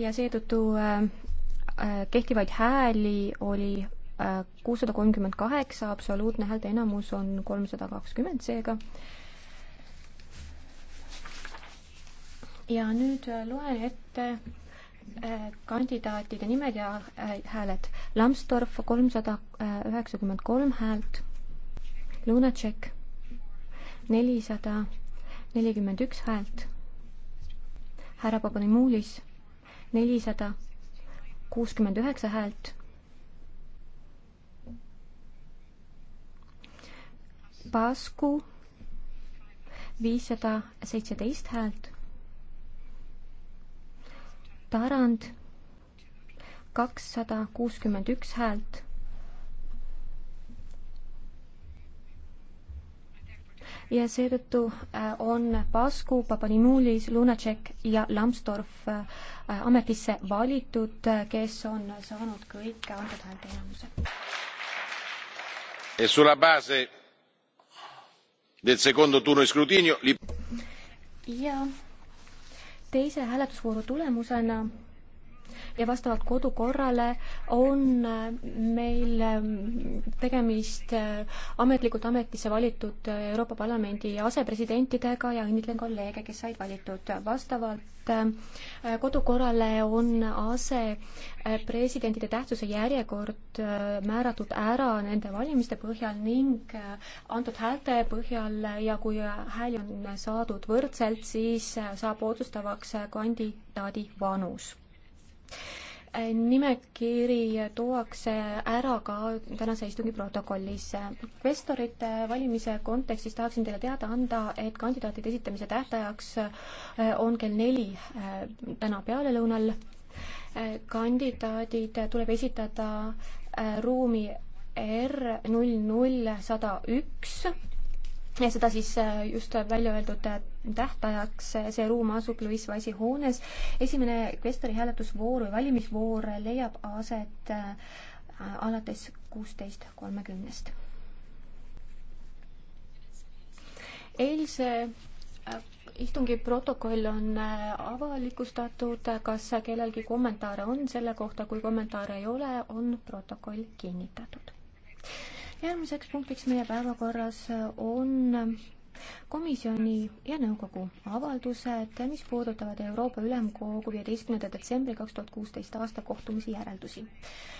ja seetõttu äh, äh, kehtivaid hääli oli äh, kuussada kolmkümmend kaheksa, absoluutne häälte enamus on kolmsada kakskümmend seega. ja nüüd loen ette kandidaatide nimed ja hääled. Lambsdorff kolmsada üheksakümmend kolm häält, Lunacek nelisada nelikümmend üks häält, härra Papanimulis nelisada kuuskümmend üheksa häält. Pasku viissada seitseteist häält. Tarand kakssada kuuskümmend üks häält ja seetõttu äh, on Pasku, Papanimulis, Lunacek ja Lambsdorff äh, ametisse valitud, äh, kes on saanud kõik antud häälte enamuse. E del secondo turno di scrutinio. ja teise hääletusvooru tulemusena ja vastavalt kodukorrale on äh, meil ähm, tegemist äh, ametlikult ametisse valitud äh, Euroopa Parlamendi asepresidentidega ja õnnitlen kolleege, kes said valitud. vastavalt kodukorrale on asepresidentide tähtsuse järjekord määratud ära nende valimiste põhjal ning antud häälte põhjal ja kui hääli on saadud võrdselt, siis saab otsustavaks kandidaadi vanus nimekiri tuuakse ära ka tänase istungi protokollis. kvestorite valimise kontekstis tahaksin teile teada anda, et kandidaatide esitamise tähtajaks äh, on kell neli äh, täna pealelõunal. Äh, kandidaadid tuleb esitada ruumi R null null sada üks ja seda siis äh, just äh, välja öeldud äh, tähtajaks, see ruum asub Louis Wise'i hoones. esimene kvestori hääletusvoor või valimisvoor leiab aset alates kuusteist kolmekümnest. eilse istungi protokoll on avalikustatud, kas kellelgi kommentaare on selle kohta, kui kommentaare ei ole, on protokoll kinnitatud järgmiseks punktiks meie päevakorras on komisjoni ja nõukogu avaldused, mis puudutavad Euroopa Ülemkogu viieteistkümnenda detsembri kaks tuhat kuusteist aasta kohtumise järeldusi.